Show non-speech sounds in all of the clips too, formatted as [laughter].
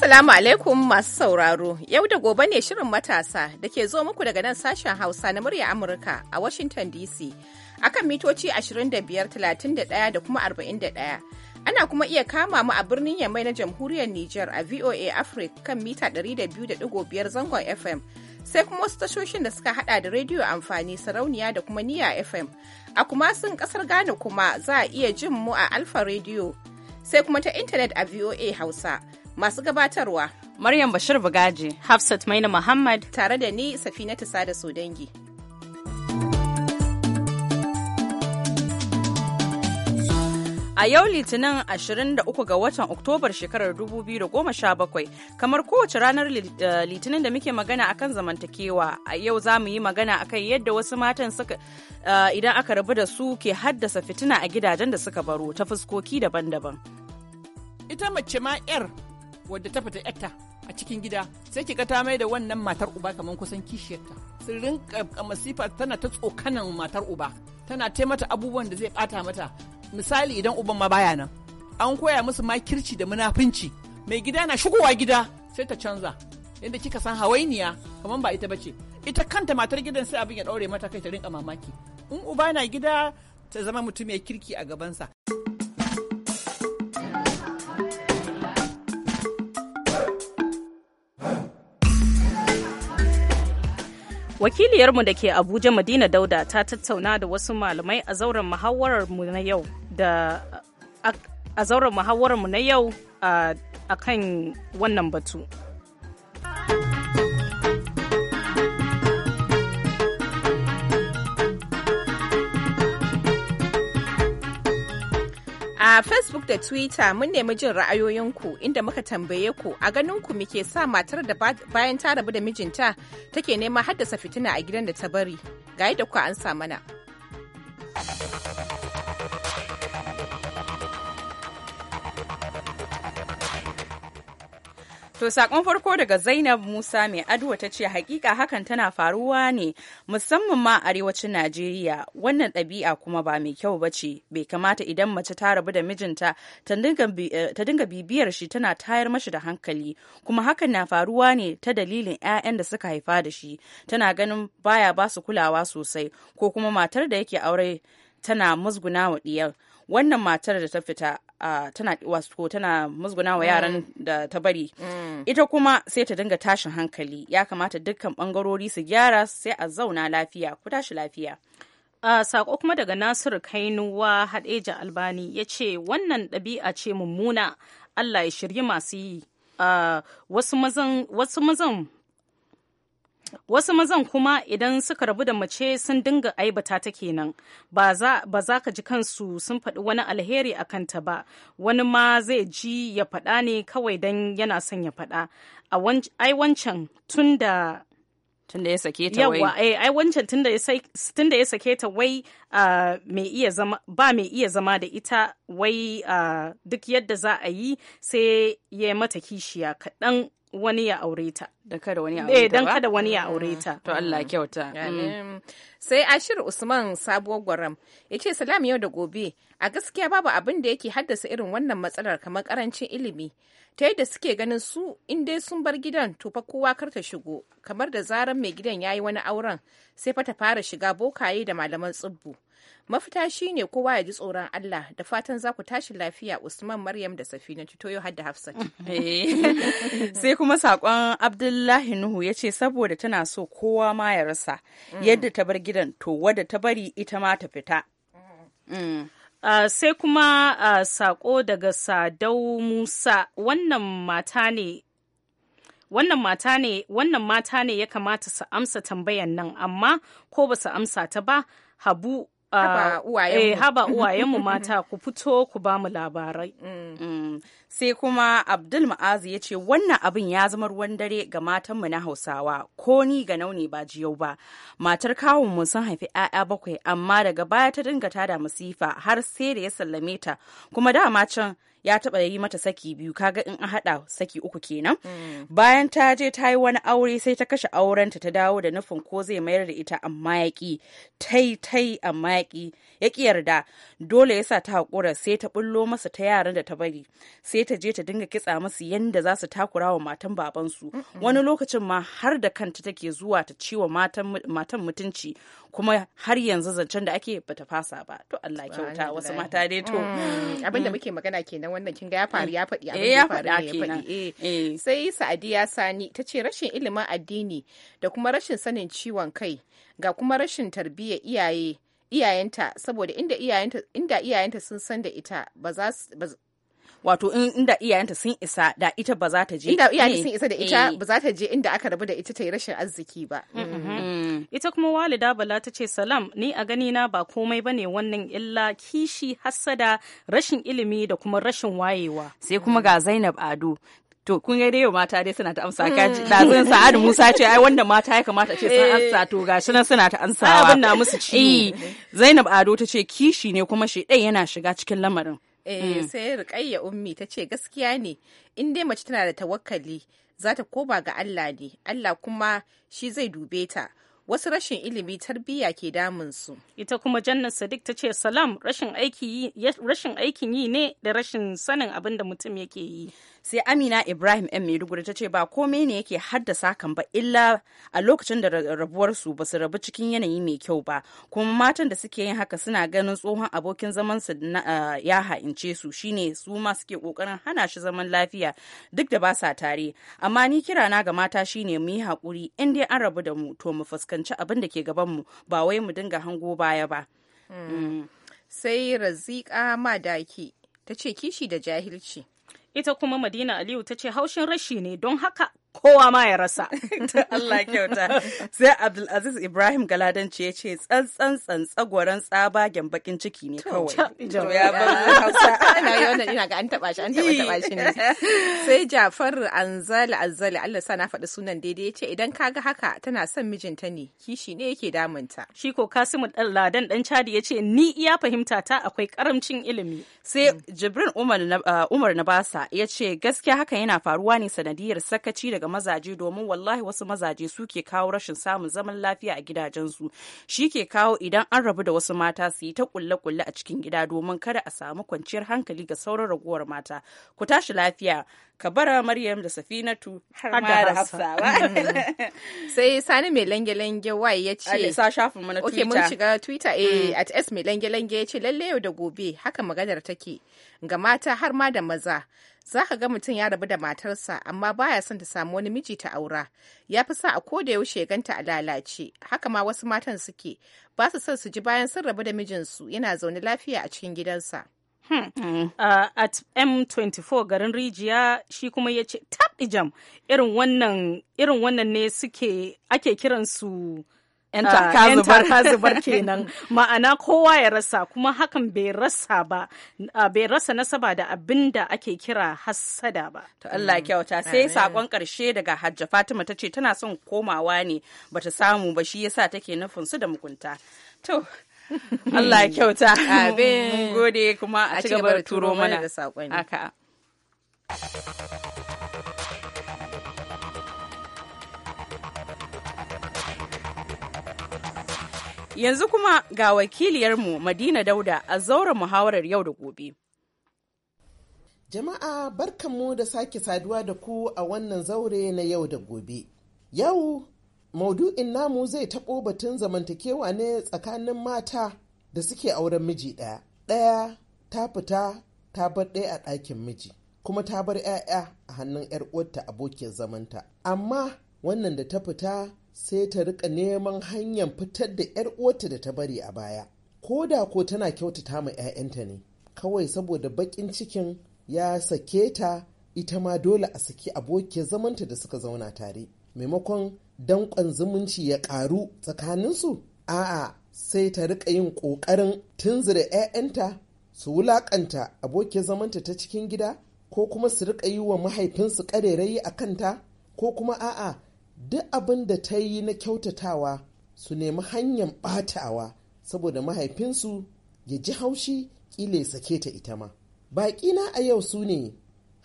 Assalamu alaikum masu sauraro, yau da gobe ne shirin matasa da ke zo muku daga nan sashen Hausa na murya Amurka a Washington DC akan mitoci 25,31 da kuma 41. Ana kuma iya kama mu a birnin Yamai na Jamhuriyar Nijar a VOA Africa kan mita 200.5 zangon FM. sai kuma wasu tashoshin da suka hada da rediyo amfani sarauniya da kuma niya fm a kuma sun kasar ghana kuma za a iya jin mu a alfa rediyo sai kuma ta intanet a voa hausa Masu gabatarwa Maryam Bashir Bugaji, Hafsat Maina Muhammad tare da ni safina Safinatu Sada Sodangi. A yau Litinin 23 ga watan Oktobar shekarar 2017, kamar kowace ranar eh, Litinin da muke magana akan zamantakewa, a yau za mu yi magana akan yadda wasu matan suka eh, idan aka rabu da su ke haddasa fitina a gidajen da suka baro ta fuskoki daban-daban. Ita mace ma 'yar wadda ta fita yatta a cikin gida sai ki ga ta mai da wannan matar uba kamar kusan kishiyarta sun rinka masifa tana ta tsokanan matar uba tana taimata abubuwan da zai bata mata misali idan uban ma baya nan an koya musu makirci da munafinci mai gida na shigowa gida sai ta canza yadda kika san hawainiya kamar ba ita bace ita kanta matar gidan sai abin ya daure mata kai ta rinka mamaki in uba na gida ta zama mutum ya kirki a gabansa. Wakiliyarmu da ke Abuja Madina Dauda ta tattauna da wasu malamai a zauren muhawararmu na yau a na yau a kan wannan batu. A Facebook da Twitter mun nemi jin ra'ayoyinku inda muka tambaye ku a ganin ku muke sa matar da bayan ta rabu da mijinta take neman haddasa fitina a gidan da ta bari. Ga yadda ku an sa mana. To sakon farko daga Zainab Musa mai aduwa ta ce hakika hakan tana faruwa ne musamman ma arewacin Najeriya wannan ɗabi'a kuma ba mai kyau ba ce bai kamata idan mace ta rabu da mijinta ta dinga eh, bibiyar shi tana tayar mashi da hankali kuma hakan na faruwa ne ta dalilin 'ya'yan da suka haifa da shi tana ganin baya ba su kulawa sosai ko kuma matar da yake aure tana musguna wa diyar wannan matar da ta fita uh, tana wasu tana musguna wa yaran mm. da ta bari mm. ita kuma sai ta dinga tashin hankali ya kamata dukkan bangarori su gyara sai a zauna lafiya ku tashi lafiya Uh, Sako kuma daga Nasiru Kainuwa Hadeja Albani ya ce wannan ɗabi'a ce mummuna Allah ya shirye masu yi. wasu mazan wasu mazan kuma idan suka rabu da mace sun dinga aibata ta kenan ba za ka ji kansu sun faɗi wani alheri a kanta ba wani ma zai ji ya faɗa ne kawai don yana son ya faɗa ai wancan tun da tunda eh, ya sake ta wai ah, ai wancan tunda ya sake ta wai ba mai iya zama da ita wai ah, duk yadda za a yi sai ya mata kishiya kaɗan wani ya aure ta da kada wani ya eh, aure ta Don kada wani ya mm. aure ta to Allah mm. kyauta mm. sai Ashir Usman sabuwar gwaram ya ce salam yau da gobe a gaskiya babu abin da yake haddasa irin wannan matsalar kamar karancin ilimi ta yadda suke ganin su in dai sun bar gidan to fa kowa kar ta shigo kamar da zaran mai gidan yayi wani auren sai fa ta fara shiga bokaye da malaman tsibbu mafita shi ne kowa ya ji tsoron Allah da fatan za ku tashi lafiya Usman Maryam da Safina cuto har da Hafsat [laughs] eh. [laughs] sai kuma saƙon Abdullahi Nuhu ya ce saboda tana so kowa ma ya rasa mm. yadda ta bar gidan to wadda ta bari ita ma ta fita mm. Mm. Uh, sai kuma uh, saƙo daga sadau musa wannan mata ne wannan mata ne wannan mata ne ya kamata su amsa tambayan nan amma ko ba su amsa ta ba habu Ah, eh, haba uwayenmu mu mata ku fito ku ba mu labarai mm. Mm. sai kuma abdul ma'azi ya ce wannan abin ya zama ruwan dare ga matanmu na hausawa ko ni ga nauni ba jiyau ba matar kawun kawunmu sun haifi 'ya'ya bakwai amma daga baya ta dinga tada masifa har sai da ya sallame ta kuma dama can ya taɓa yi mata saki biyu kaga in a haɗa saki uku kenan mm. bayan ta je ta yi wani aure sai ta kashe aurenta ta dawo da nufin ko zai mayar da ita amma ya ƙi tai tai amma ya ƙi ya ƙi yarda dole yasa ta hakura sai ta bullo masa ta yaran da ta bari sai ta je ta dinga kitsa masu yanda za su takura wa matan babansu wani lokacin ma har da kanta take zuwa ta ciwa matan mutunci kuma har yanzu zancen da ake bata fasa ba to Allah kyauta wasu mata dai to mm. abin da mm. muke magana kenan wannan kin ga ya faru ya faɗi abin eh, ya faru ya faɗi eh. sai Sa'adiya Sani ta ce rashin ilimin addini da kuma rashin sanin ciwon kai ga kuma rashin tarbiyyar iyaye iyayenta saboda inda iyayenta inda iyayenta sun san da ita ba za wato inda iyayenta sun isa da ita ba za ta je inda iyayenta hmm. sun isa da ita eh. ba za ta je inda aka rabu da ita ta yi rashin arziki ba mm-hmm. Mm-hmm. Hmm. ita kuma walida bala ta ce salam ni a gani na ba komai bane wannan illa kishi hassada rashin ilimi da kuma rashin wayewa sai kuma ga zainab ado to kun ga dai mata dai suna ta amsa ji dazun hmm. sa'ad musa ce ai wanda mata ya kamata ce sun eh. amsa to gashi nan suna ta amsawa abin na musu ciwo eh. zainab ado ta ce kishi ne kuma shi yana shiga cikin lamarin eh mm. sai rikayya ummi ta ce gaskiya ne in dai mace tana da tawakkali za ta koba ga Allah ne Allah kuma shi zai dube ta wasu rashin ilimi tarbiyya ke damunsu. Ita kuma Jannat Sadiq ta ce salam rashin aikin yi ne da rashin sanin abin da mutum yake yi. sai amina ibrahim yan maiduguri ta ce ba komai ne yake haddasa kan ba illa a lokacin da rabuwarsu ba su rabu cikin yanayi mai kyau ba kuma matan da suke yin haka suna ganin tsohon abokin zamansu ya ha'ince su shine su ma suke kokarin hana shi zaman lafiya duk da ba sa tare amma ni kira na ga mata shine mu yi hakuri in dai an rabu da mu to mu fuskanci abin da ke gaban mu ba wai mu dinga hango baya ba hmm. mm. sai razika madaki ta ce kishi da jahilci ita kuma madina aliyu ta ce haushin rashi ne don haka kowa ma ya rasa [laughs] ta Allah kyauta [laughs] sai Abdulaziz Ibrahim Galadanci ya ce tsantsan tsantsagwaran tsabagen bakin ciki ne kawai to ya bar [laughs] Hausa ana yi wannan ina ga an taba shi an taba taba shi ne sai Jafar Anzali Anzali Allah sa na faɗi sunan daidai ya ce idan kaga haka tana son mijinta ne kishi ne yake damunta shi ko Kasimu Ladan dan Chadi ya ce ni iya fahimta ta akwai karamcin ilimi sai mm. Jibrin Umar uh, Umar Nabasa ya ce gaskiya haka yana faruwa ne sanadiyar sakaci da daga mazaje domin wallahi wasu mazaje suke kawo rashin samun zaman lafiya a gidajensu shi ke kawo idan an rabu da wasu mata su yi ta kulle-kulle a cikin gida domin kada a samu kwanciyar hankali ga sauran raguwar mata ku tashi lafiya ka bara maryam da safinatu har ma da hafsa sai sani mai lange-lange ya ce sa shafin mu twitter mun shiga twitter eh hmm. at s mai lange-lange ya ce lalle yau da gobe haka maganar take ga mata har ma da maza za ka ga mutum ya rabu da matarsa amma baya son ta samu wani miji ta aura ya fi sa a ko da yaushe ganta a lalace haka ma wasu matan suke ba su son su ji bayan sun rabu da mijinsu yana zaune lafiya a cikin gidansa hmm. hmm. uh, a M24 garin Rijiya shi kuma ya ce tab jam irin wannan ne suke ake kiransu 'yan taka ah, zubar kenan [laughs] ma'ana kowa ya rasa kuma hakan bai rasa ba ah, bai rasa nasaba da abin da ake kira hassada ba to Allah mm. kyauta sai sakon karshe daga Hajja Fatima ta ce tana son komawa ne bata samu ba shi yasa take nufin su da mukunta. to [laughs] Allah kyauta abin gode kuma a cigaba da turo mana da ne. Yanzu kuma ga wakiliyarmu Madina Dauda a zauren muhawarar yau da gobe. Jama'a barkanmu da sake saduwa da ku a wannan zaure na yau da gobe. Yau maudu'in namu zai taɓo batun zamantakewa ne tsakanin mata da suke auren miji ɗaya. Ɗaya ta fita ta bar ɗaya a ɗakin miji, kuma ta bar 'ya'ya a hannun 'yar uwarta abokin zamanta. Amma wannan da ta fita sai ta rika neman hanyar fitar da 'yar uwarta da ta bari a baya ko da ko tana kyautata ma 'ya'yanta ne kawai saboda baƙin cikin ya sake ta ita ma dole a saki abokiyar zamanta da suka zauna tare maimakon danƙon zumunci ya ƙaru tsakaninsu a'a sai ta rika yin ƙoƙarin tunzura 'ya'yanta su wulaƙanta abokiyar zamanta ta cikin gida ko kuma su rika yi wa mahaifinsu ƙarerayi a kanta ko kuma a'a duk abin da ta yi na kyautatawa su nemi hanyar ɓatawa saboda mahaifinsu ya ji haushi ƙila sake ta ita ma baƙina a yau su ne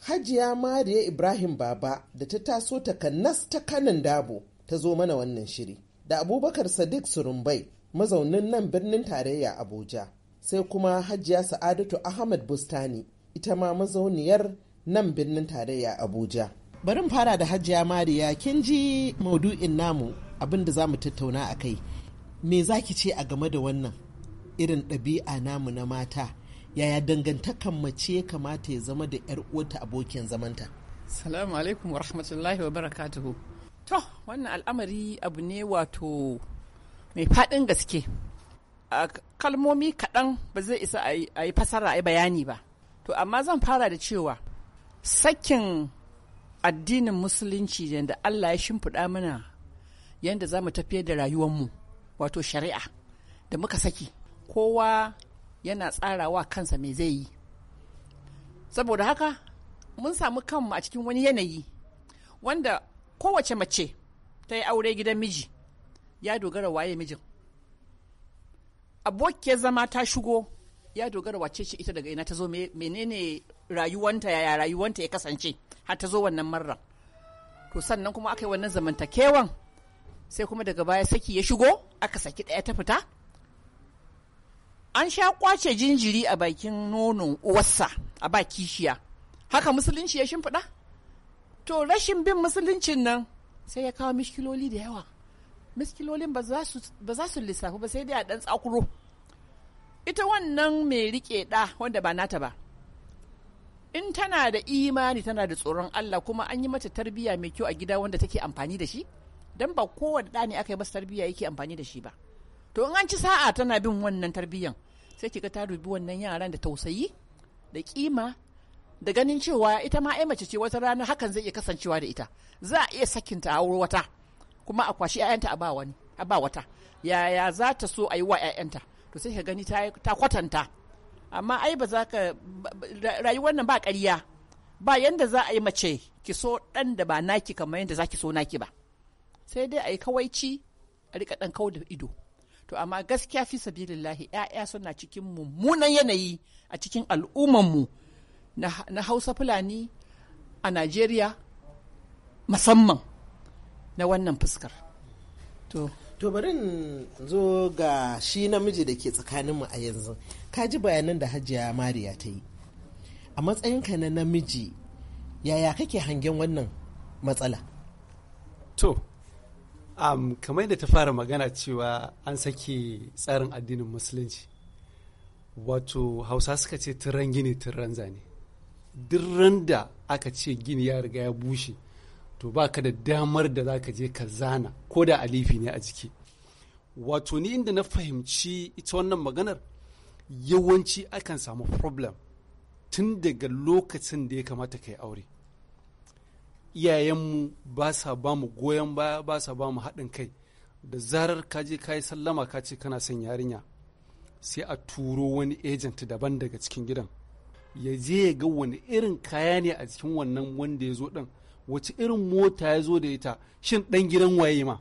hajiya mariya ibrahim baba da ta taso ta kanas ta kanan dabo ta zo mana wannan shiri da abubakar sadiq surumbai mazaunin nan birnin tarayya abuja sai kuma hajiya sa'adatu ahmad bustani ita ma mazauniyar nan birnin tarayya abuja Barin fara da hajiya mariya kin ji maudu'in namu abin da za mu tattauna a kai me za ki ce a game da wannan irin ɗabi'a namu na mata yaya dangantakan mace ya kamata ya zama da 'yar uwarta abokin zamanta salamu alaikum wa rahmatullahi wa barakatuhu to wannan al'amari abu ne wato mai faɗin gaske a kalmomi kaɗan ba zai isa a yi fasara a yi bayani ba to amma zan fara da cewa sakin addinin musulunci yadda Allah ya shimfiɗa mana yadda za mu tafiyar da rayuwarmu wato shari'a da muka saki kowa yana tsarawa kansa mai zai yi saboda haka mun samu kanmu a cikin wani yanayi wanda kowace mace ta yi aure gidan miji ya dogara waye mijin abokiyar zama ta shigo ya dogara wace ce ita daga ina ta zo menene rayuwanta yaya rayuwanta ya kasance har ta zo wannan marra to sannan kuma aka yi wannan zamantakewan sai kuma daga baya saki ya shigo aka saki ɗaya ta fita an sha kwace jinjiri a bakin nonon uwarsa a ba kishiya haka musulunci ya shimfiɗa to rashin bin musuluncin nan sai ya kawo muskiloli da yawa miskilolin ba za su lissafi ba sai dai a ɗan tsakuro ita wannan mai riƙe ɗa wanda ba nata ba in tana da imani tana da tsoron Allah kuma an yi mata tarbiyya mai kyau a gida wanda take amfani da shi dan ba kowane da ne aka yi masa tarbiyya yake amfani da shi ba to in an ci sa'a tana bin wannan tarbiyyan sai ga ta dubi wannan yaran da tausayi da kima da ganin cewa ita ma ai mace ce wata rana hakan zai iya kasancewa da ita za a iya ta a aure wata kuma a kwashi 'ya'yanta a ba wani a ba wata yaya za ta so a yi wa 'ya'yanta to sai ka gani ta kwatanta amma ai ba za ka rayuwar nan ba ƙarya ba yanda za a yi mace ki so ɗan da ba naki kamar yanda za ki so naki ba sai dai a yi kawaici a rika ɗan kawo da ido to amma gaskiya fi sabilillahi yaya suna cikin mummunan yanayi a cikin mu na hausa fulani a najeriya musamman na wannan fuskar to to bari in zo ga shi namiji da ke tsakaninmu a yanzu ka ji bayanan da hajiya mariya ta yi a matsayinka na namiji yaya kake hangen wannan matsala to um, kamar da ta fara magana cewa an sake tsarin addinin musulunci wato hausa suka ce tiran gini tiran zane duk randa aka ce gini ya riga ya bushe to ba ka da damar da za ka je ka zana ko da alifi ne a jiki wato ni inda na fahimci ita wannan maganar yawanci akan samu problem tun daga lokacin da ya kamata ka yi aure iyayenmu ba sa ba mu goyon baya ba sa ba mu haɗin kai da zarar ka je ka yi sallama ka ce kana son yarinya sai a turo wani agent daban daga cikin gidan ya je ya ga wani irin kaya ne a cikin wannan wanda ya zo ɗin wace irin mota ya zo da ita shin ɗan gidan waye ma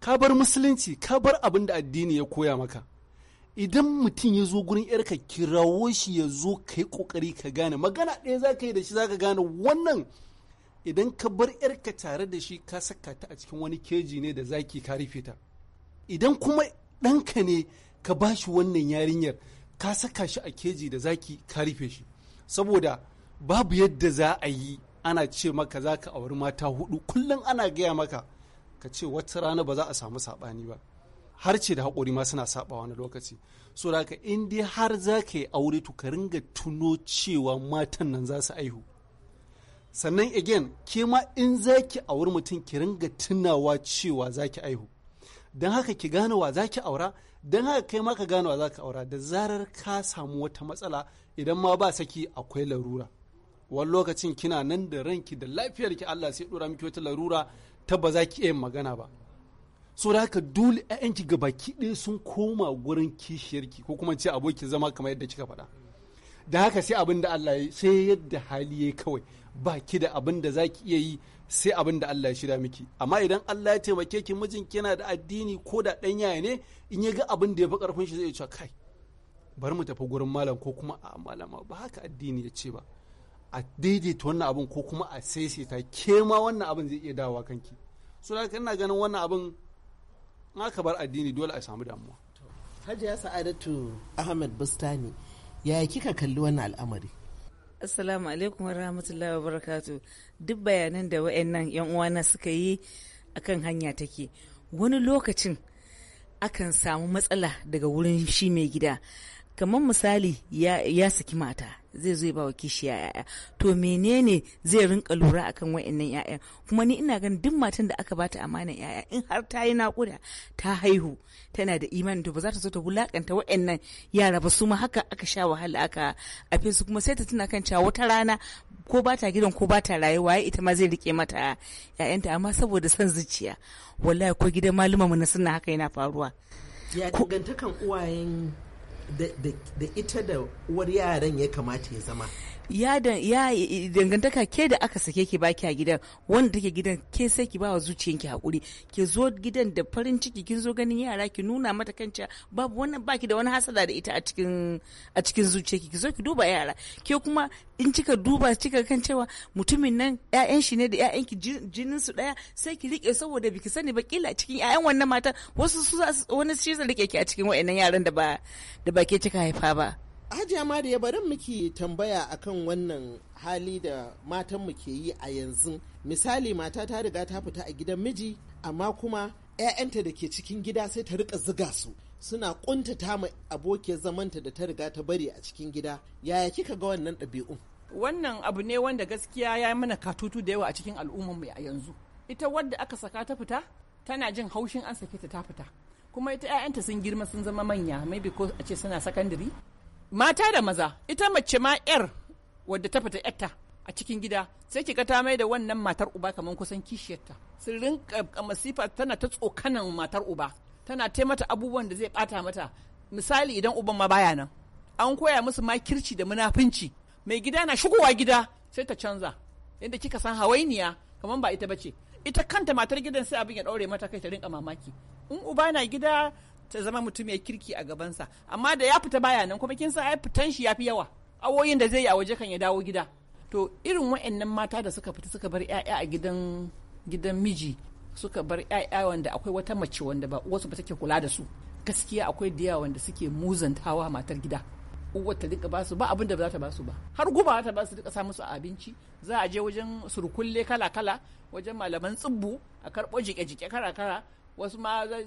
ka bar musulunci ka bar abin da addini ya koya maka idan mutum ya zo gurin yarka kirawo shi ya zo ka yi ƙoƙari ka gane magana ɗaya za ka yi da shi za ka gane wannan idan ka bar yarka tare da shi ka saka ta a cikin wani keji ne da zaki ka rufe ta idan kuma ɗanka ne ka ba shi wannan yarinyar ka saka shi a keji da zaki ka rufe shi saboda babu yadda za a yi ana ce maka za ka auri mata hudu kullum ana gaya maka ka ce wata rana ba za a samu saɓani ba har ce da haƙori ma suna saɓa wani lokaci so da ka in dai har za ka yi aure to ka ringa tuno cewa matan nan za su aihu sannan again ke ma in za ki auri mutum ki ringa tunawa cewa za ki aihu don haka ki gane wa za ki aura don haka kai ma ka gane wa za ka aura da zarar ka samu wata matsala idan ma ba saki akwai larura wani lokacin kina nan da ranki da lafiyarki Allah sai dora miki wata larura ta ba za ki iya magana ba so da haka dole ayyanki ga baki ɗaya sun koma gurin kishiyarki ko kuma ce aboki zama kamar yadda kika faɗa da haka sai abin da Allah ya sai yadda hali ya kawai baki da abin da za ki iya yi sai abin da Allah ya shirya miki amma idan Allah ya taimake ki mijinki yana da addini ko da ɗan yaya ne in ya ga abin da ya fi karfin shi zai ce kai bari mu tafi gurin malam ko kuma a malama ba haka addini ya ce ba a daidaita wannan abin ko kuma a ta ke ma wannan abin zai iya dawowa kanki so da ina ganin wannan abin in aka bar addini dole a samu damuwa hajiya sa'adatu ahmed bustani ya kika kalli wannan al'amari assalamu alaikum warahmatullahi wabarakatuh duk bayanan da wayannan yan uwana suka yi akan hanya take wani lokacin akan samu matsala daga wurin shi mai gida kamar misali ya saki mata zai zo ya bawa kishiya ya'ya to menene zai rinka lura akan wa'annan ya'ya kuma ni ina ganin duk matan da aka bata amanan ya'ya in har ta yi nakuda ta haihu tana da imani to ba za ta zo ta wulakanta wa'annan yara ba su ma haka aka sha wahala aka afe su kuma sai ta tuna kan cewa wata rana ko ba ta gidan ko ba ta rayuwa ita ma zai rike mata ya'yanta amma saboda san zuciya wallahi ko gidan malumanmu na suna haka yana faruwa ya dangantakan uwayen da ita da uwar yaran ya kamata ya zama ya dangantaka ke da aka sake ki baki a gidan wanda take gidan ke sai ki bawa zuciyanki hakuri ki zo gidan da farin ciki kin zo ganin yara ki nuna mata kanta babu wannan baki da wani hasada da ita a cikin a cikin ki zo ki duba yara ke kuma in kika duba kika kan cewa mutumin nan ƴaƴan shi ne da ƴaƴan jinin su daya sai ki rike saboda biki sani ba kila cikin ƴaƴan wannan mata wasu su wani shi zai rike ki a cikin waɗannan yaran da ba da ba ke kika haifa ba hajiya mariya bari muke tambaya akan wannan hali da matan mu ke yi a yanzu misali mata ta riga ta fita a gidan miji amma kuma 'ya'yanta da ke cikin gida sai ta riƙa ziga su suna ƙuntata ma abokiyar zamanta da ta riga ta bari a cikin gida yaya kika ga wannan ɗabi'un wannan abu ne wanda gaskiya ya yi mana katutu da yawa a cikin al'ummarmu a yanzu ita wadda aka saka ta fita tana jin haushin an sake ta ta fita kuma ita 'ya'yanta sun girma sun zama manya maybe ko a ce suna sakandare mata da maza ita mace ma yar wadda ta fita yarta a cikin gida sai kika ta mai da wannan matar uba kamar kusan kishiyarta sun rinka masifa tana ta tsokanan matar uba tana taimata abubuwan da zai bata mata misali idan uban ma baya nan an koya musu makirci da munafunci mai gida na shigowa gida sai ta canza yadda kika san hawainiya kamar ba ita bace ita kanta matar gidan sai abin ya daure mata kai ta rinka mamaki in uba na gida ta zama mutum ya kirki a gabansa amma da ya fita baya nan kuma kin san ai fitan shi yafi yawa awoyin da zai yi a waje kan ya dawo gida to irin wa'annan mata da suka fita suka bar 'ya'ya a gidan gidan miji suka bar 'ya'ya wanda akwai wata mace wanda ba uwarsu ba take kula da su gaskiya akwai da wanda suke muzantawa matar gida uwar ta dinka basu ba abin da ba za ta basu ba har guba ta basu dinka sa musu abinci za a je wajen surkulle kala kala wajen malaman tsibbu a karɓo jike jike kara kara wasu ma zai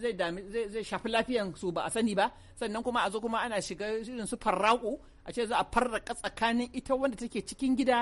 zai shafi lafiyan su ba a sani ba sannan kuma a zo kuma ana shiga irin su farraku a ce za a farraka tsakanin ita wanda take cikin gida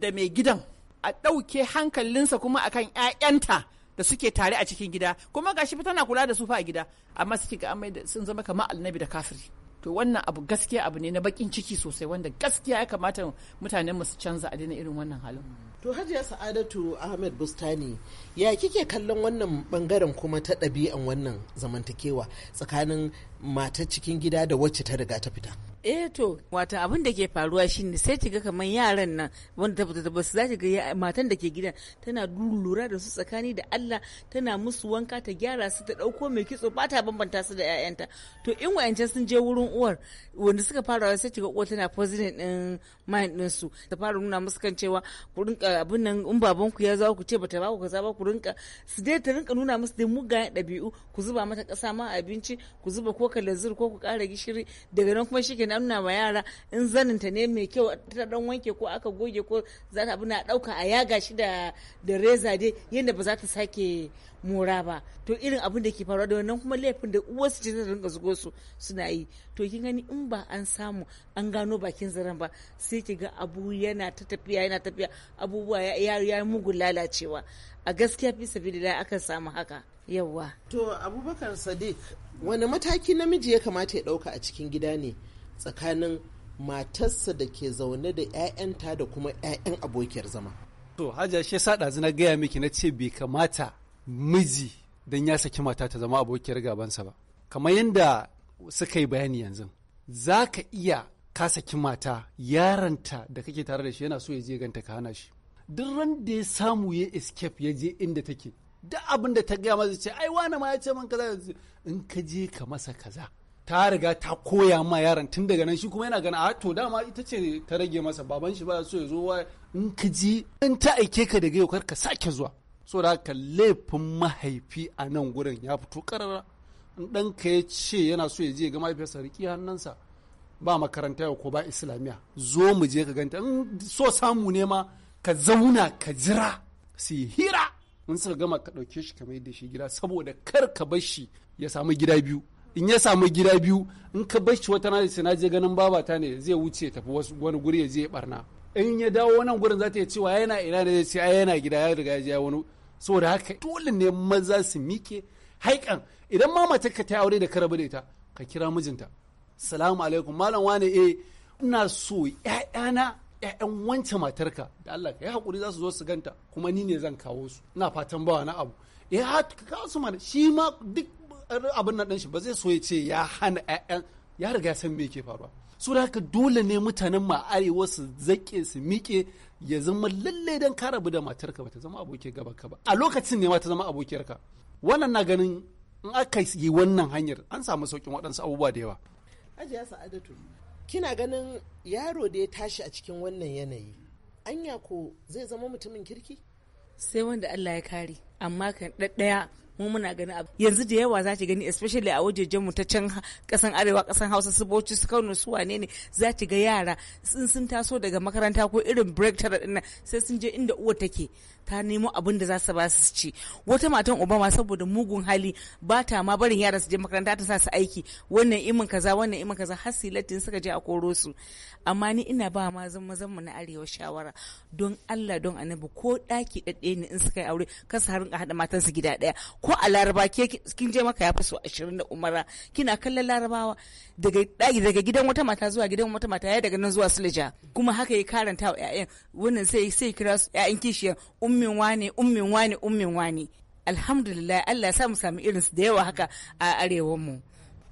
da mai gidan a ɗauke hankalinsa kuma akan 'ya'yanta da suke tare a cikin gida kuma gashi tana kula da su fa a gida amma suke ga amai sun zama kamar annabi da kafiri to wannan abu gaskiya abu ne na bakin ciki sosai wanda gaskiya ya kamata mutanen su canza a irin wannan halin to hajiya sa'adatu ahmed bustani ya kike kallon wannan bangaren kuma ta ɗabi'an wannan zamantakewa tsakanin matar cikin gida da wacce ta riga ta fita eh to wata abin da ke faruwa shine sai ga kamar yaran nan wanda ta fita ba su za ga matan da ke gidan tana lura da su tsakani da Allah tana musu wanka ta gyara su ta dauko mai kitso ba ta bambanta su da ƴaƴanta to in wayancan sun je wurin uwar wanda suka fara sai ga uwar tana poisoning din mind din su ta fara nuna musu kan cewa ku rinka abin nan in baban ku ya zo ku ce bata ba ku kaza ba ku rinka su dai ta rinka nuna musu dai mugayen ɗabi'u ku zuba mata ƙasa ma abinci ku zuba ko kalazir ko ku ƙara gishiri daga nan kuma shi shikenan nuna wa yara in zanin ta ne mai kyau ta dan wanke ko aka goge ko za ta abu na dauka a yaga shi da da reza dai yadda ba za ta sake mora ba to irin abin da ke faruwa da wannan kuma laifin da uwarsu ce ta rinka zugo su suna yi to kin gani in ba an samu an gano bakin zaren ba sai ki ga abu yana ta tafiya yana tafiya abubuwa ya ya mugu lalacewa a gaskiya fi da aka samu haka yawa to abubakar sadiq wani mataki namiji ya kamata ya dauka a cikin gida ne tsakanin matarsa da ke zaune da 'ya'yanta da kuma 'ya'yan abokiyar zama. To, hajjar shi sa ɗazu na gaya miki na ce bai kamata miji don ya saki mata ta zama abokiyar gabansa ba. Kamar yadda suka yi bayani yanzu, za ka iya ka saki mata yaranta da kake tare da shi yana so ya je ganta ka hana shi. Duk ran da ya samu ya escape ya je inda take, duk abin da ta gaya masa ce, ai wani ma ya ce man kaza in ka je ka masa kaza. ta riga ta koya ma yaron tun daga nan shi kuma yana gana a ah, to dama ita ce ta rage masa baban shi ba so ya zo in ka ji in ta aike ka daga yau ka sake zuwa so da haka laifin mahaifi a nan gurin ya fito karara in ka ya ce yana so ya je ga mahaifiyarsa riki hannunsa ba makaranta yau ko ba islamiyya zo mu je ka ganta in so samu ne ma ka zauna ka jira su hira in suka gama ka ɗauke shi ka mai da shi gida saboda kar ka bar shi ya samu gida biyu in ya samu gida biyu in ka bar shi wata na na je ganin babata ne zai wuce tafi wani guri ya je barna in ya dawo wannan gurin za ta iya cewa yana ina ne zai ce ai yana gida ya riga ya wani saboda haka dole ne maza su mike haikan idan ma matar ka ta aure da ka rabu da ita ka kira mijinta salamu alaikum malam wane eh ina so ƴaƴana ƴaƴan wancan matarka da Allah ka yi hakuri za su zo su ganta kuma ni ne zan kawo su ina fatan bawa na abu ya eh, haka ka kawo su mana shi ma duk abin nan shi ba zai so ya ce ya hana 'ya'yan ya riga san me ke faruwa su da haka dole ne mutanen ma arewa su zaƙe su miƙe ya zama lalle don ka rabu da matarka ba ta zama abokin gaba ka ba a lokacin ne ma ta zama abokiyar ka. wannan na ganin in aka yi wannan hanyar an samu sauƙin waɗansu abubuwa da yawa ajiya sa'adatu kina ganin yaro da ya tashi a cikin wannan yanayi anya ko zai zama mutumin kirki sai wanda Allah ya kare amma kan ɗaɗɗaya mu muna ganin abu yanzu da yawa za ta gani especially a wajejen mu ta can kasan arewa kasan hausa su bauchi su kano su wane ne za ta ga yara sun sun taso daga makaranta ko irin break tara dinnan sai sun je inda uwa take ta nemo abin da za su ba su ci wata matan obama saboda mugun hali ba ta ma barin yara su je makaranta ta sa su aiki wannan imin kaza wannan imin kaza har silatin suka je a koro su amma ni ina ba ma zan mazan mu na arewa shawara don Allah don annabi ko daki ɗaya ne in suka yi aure kasa harin ka hada matan su gida daya ko a laraba ke kin je maka ya fi so ashirin da umara kina kallon larabawa daga daga gidan wata mata zuwa gidan wata mata ya daga nan zuwa silija kuma haka ya karanta wa 'ya'yan wannan sai sai kira su 'ya'yan kishiyar ummin wane ummin wane ummin wane alhamdulillah Allah ya sa mu sami su da yawa haka a arewan mu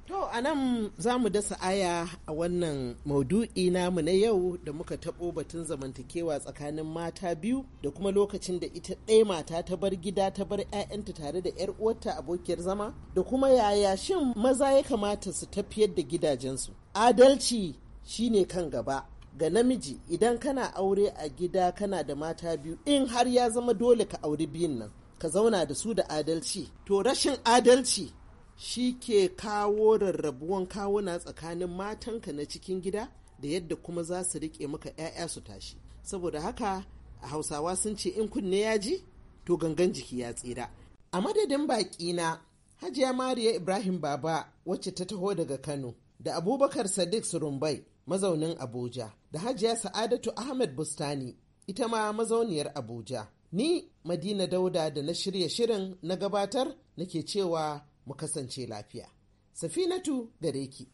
To a nan za mu dasa aya a wannan maudu'i namu na yau da muka taɓo batun zamantakewa tsakanin mata biyu da kuma lokacin da ita ɗaya mata ta bar gida ta bar 'ya'yanta tare da 'yar uwarta abokiyar zama da kuma yaya shin maza ya kamata su tafiyar da gidajensu. Adalci shine kan gaba ga namiji idan kana aure a gida kana da mata biyu in har ya zama dole ka aure biyun nan ka zauna da su da adalci to rashin adalci shi ke kawo rarrabuwan kawuna tsakanin matanka na cikin gida da yadda kuma za su riƙe maka 'ya'ya su tashi saboda haka a hausawa sun ce in kunne ya ji to gangan jiki ya tsira a madadin baƙi na hajiya mariya ibrahim baba wacce ta taho daga kano da abubakar sadiq surumbai mazaunin abuja da hajiya sa'adatu ahmed bustani ita ma mazauniyar abuja ni madina dauda da na shirya shirin na gabatar nake cewa mu kasance lafiya safinatu gare ki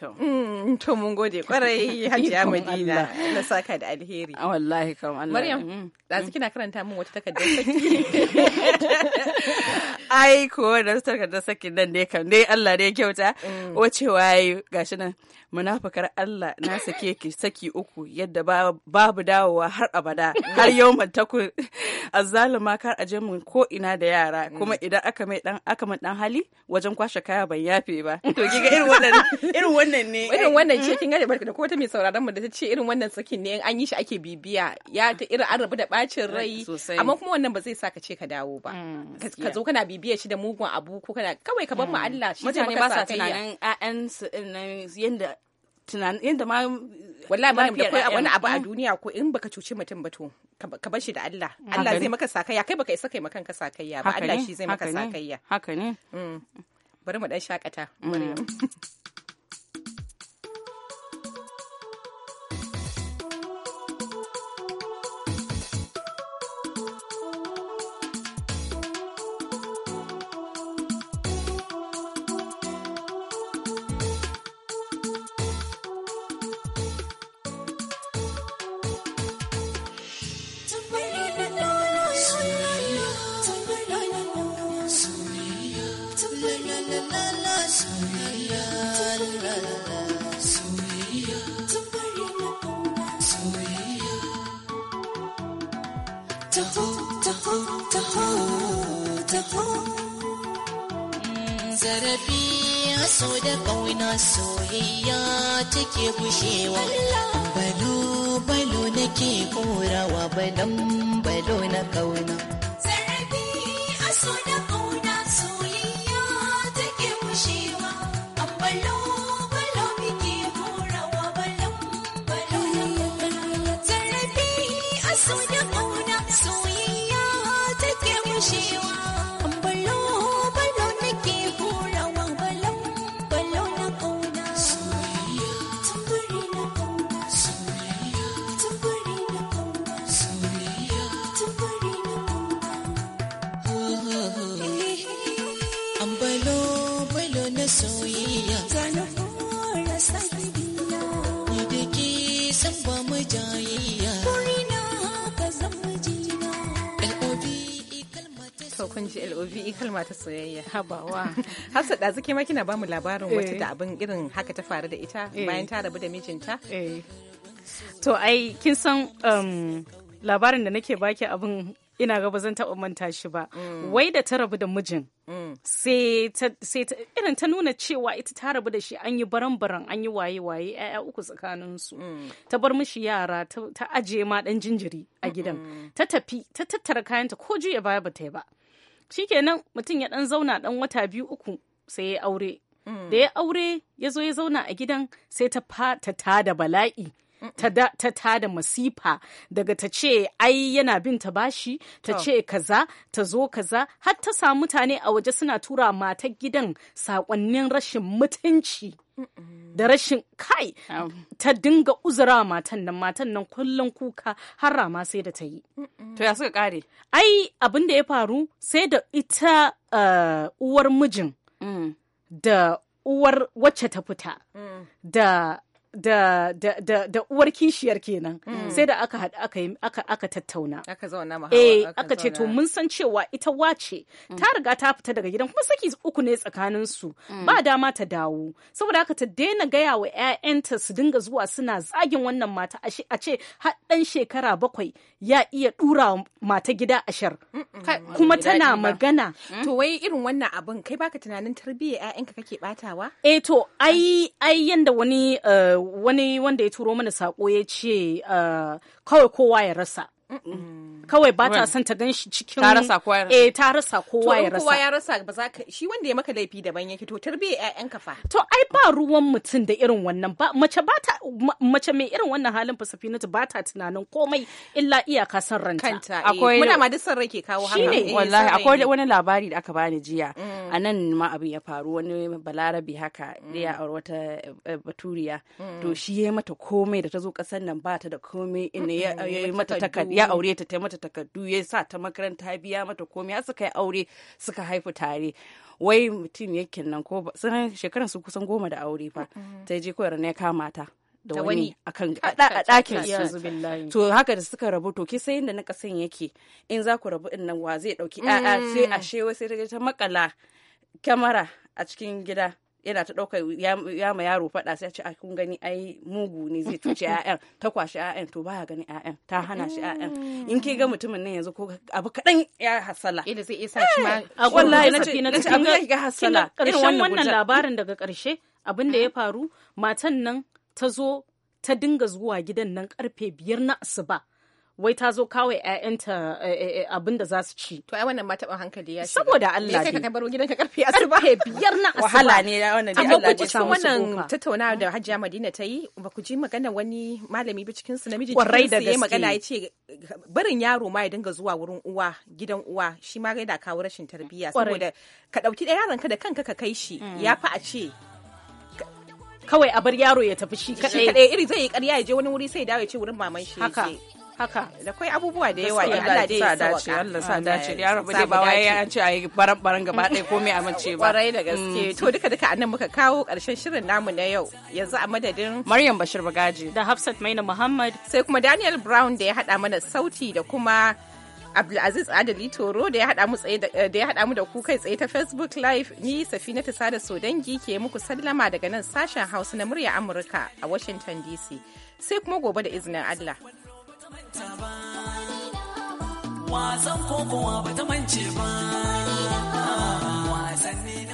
Mm, to mun gode kwarai [laughs] Hajiya Madina na saka da alheri. A ah, wallahi kam Allah. Maryam, mm, mm. ɗazu kina karanta mun wata takardar saki. [laughs] Ai ko da takardar sakin nan ne kan dai Allah ne kyauta. Wace waye gashi nan munafikar Allah na sake ki saki uku yadda babu dawowa har abada har yau taku azzaluma kar a je mun ko ina da yara kuma idan aka mai dan aka dan hali wajen kwashe kaya ban yafe ba. To kiga irin wannan irin wannan ne irin eh. wannan ce mm. kin gane barka da ko ta mai sauraron mu da ta ce irin wannan sakin ne in an yi shi ake bibiya ya ta irin an rabu da bacin rai amma kuma wannan ba zai sa ka ce ka dawo ba mm, ka zo kana bibiya shi da mugun abu ko kana kawai ka bar mu mm. Allah shi mutane ba sa tunanin ƴaƴansu yanda tunanin yadda ma wallahi ma da kai wani abu a duniya ko in baka cuci mutum ba to ka bar shi da Allah Allah zai maka sakayya kai baka isa kai maka ka sakayya ba Allah shi zai maka sakayya haka ne bari mu dan shakata Maryam [laughs] da kauna soyayya take bushewa balo balo nake korawa balon balo na ƙauna bi kalma ta soyayya habawa hafsa da zuke ma kina bamu labarin wata eh. da abin irin haka ta faru da ita eh. bayan ta rabu da mijinta eh. to ai kin san um, labarin da nake baki abin ina ga bazan zan taɓa manta shi ba mm. wai da ta rabu da mijin mm. sai irin ta nuna cewa ita ta rabu da shi an yi baran-baran an yi waye-waye 'ya'ya uku tsakaninsu mm. ta bar mishi yara ta ajiye ma dan jinjiri a gidan ta tafi ta tattara kayanta ko juya baya ba ta yi ba shikenan mutum ya dan zauna dan wata biyu uku sai ya aure mm. da ya aure ya zo ya zauna a gidan sai ta ta tada bala'i ta tada masifa daga ta ce ai yana bin ta bashi ta ce kaza ta zo kaza har ta samu mutane a waje suna tura matar gidan sakonnin rashin mutunci da rashin kai ta dinga uzura matan nan matan nan kullum kuka har rama sai da ta yi. To ya suka kare? Ai abin da ya faru sai da ita eh, uwar mijin mm. da uwar wacce ta fita mm. da da da da da uwar kishiyar kenan mm. sai da aka aka aka aka tattauna aka zauna ma eh aka ce to mun san cewa ita wace mm. ta riga ta fita daga gidan kuma saki uku ne tsakanin su mm. ba dama ta dawo saboda aka ta daina gaya wa ƴaƴanta su dinga zuwa suna zagin wannan mata a ce har dan shekara bakwai ya iya dura mata gida ashar kuma tana magana to wai irin wannan abin kai baka tunanin tarbiyyar ƴaƴanka kake batawa eh to ai ai yanda wani eh, wani wanda ya turo mana sako ya ce ah, kawai kowa ya rasa kawai ba ta son ta gan shi cikin ta rasa kowa eh ta rasa kowa ya rasa kowa ya rasa ba za ka shi wanda ya maka laifi daban yake to tarbiya ƴaƴan ka fa to ai ba ruwan mutum da irin wannan ba mace ba ta mace mai irin wannan halin fasafinatu ba ta tunanin komai illa iyaka san ranta kanta eh. akwai muna ma duk san rai ke kawo haka shine eh, wallahi akwai wani labari da aka bani jiya mm. a nan ma abin ya faru wani balarabi haka mm. ya a wata eh, baturiya mm. to shi ya mata komai da ta zo ƙasar nan ba ta da komai in ya mata takardu ya mm. aure ta ta mata takardu ya sa ta makaranta biya mata komai har suka yi aure suka haifu tare wai mutum yakin nan ko ba sun shekaran su kusan goma da aure fa ta je koyar ne kama ta da wani a ɗakin su to haka da suka rabu to ki sai inda na kasan yake in za ku rabu nan wa zai ɗauki. a'a sai mm. a shewa sai ta makala kyamara a cikin gida yana ta ɗaukar ya ma yaro faɗa sai a ce kun gani ai mugu ne zai tuce [laughs] ƴaƴan ta kwashi ƴaƴan to baya gani ƴaƴan ta hana shi ƴaƴan mm. in ke ga mutumin nan yanzu ko abu kaɗan ya hasala ina zai iya sa shi ma eh, a wallahi na na cikin ga hasala irin wannan labarin daga ƙarshe abin da ya faru matan nan ta zo ta dinga zuwa gidan nan karfe biyar na asuba wai ta zo kawai ƴaƴanta eh, eh, eh, abin da za su ci to ai wannan ma taɓa hankali ya shiga saboda Allah ne sai ka baro gidanka karfe asuba karfe biyar na [laughs] asuba wahala ne wannan dai Allah ya sa musu wannan tattauna da Hajiya Madina ta yi ba ku ji magana wani malami ba cikin su namiji cikin su yayi magana ya ce barin yaro ma ya dinga zuwa wurin uwa gidan uwa shi ma yana kawo rashin tarbiyya saboda ka dauki yaron ka da kanka ka kai shi mm. ya fa a ce kawai a bar yaro ya tafi shi kadai iri zai yi ƙarya ya je wani wuri sai dawo ya ce wurin maman shi ce haka da kai abubuwa da yawa da Allah dai ya dace Allah sa dace ya rabu dai ba wai an ce ayi baran baran gaba ɗaya komai a mace ba kwarai da gaske mm. to duka duka annan muka kawo karshen shirin namu na yau yanzu a madadin Maryam Bashir Bagaji da Hafsat Maina Muhammad sai kuma Daniel Brown da ya hada mana sauti da kuma Abdulaziz Adali Toro da ya haɗa mu da ku kai tsaye ta Facebook Live ni Safina sada Sodangi ke muku sallama daga nan sashen Hausa na murya Amurka a Washington DC. Sai kuma gobe da izinin Allah. Wasan kokowa ba ta mance ba, wasanni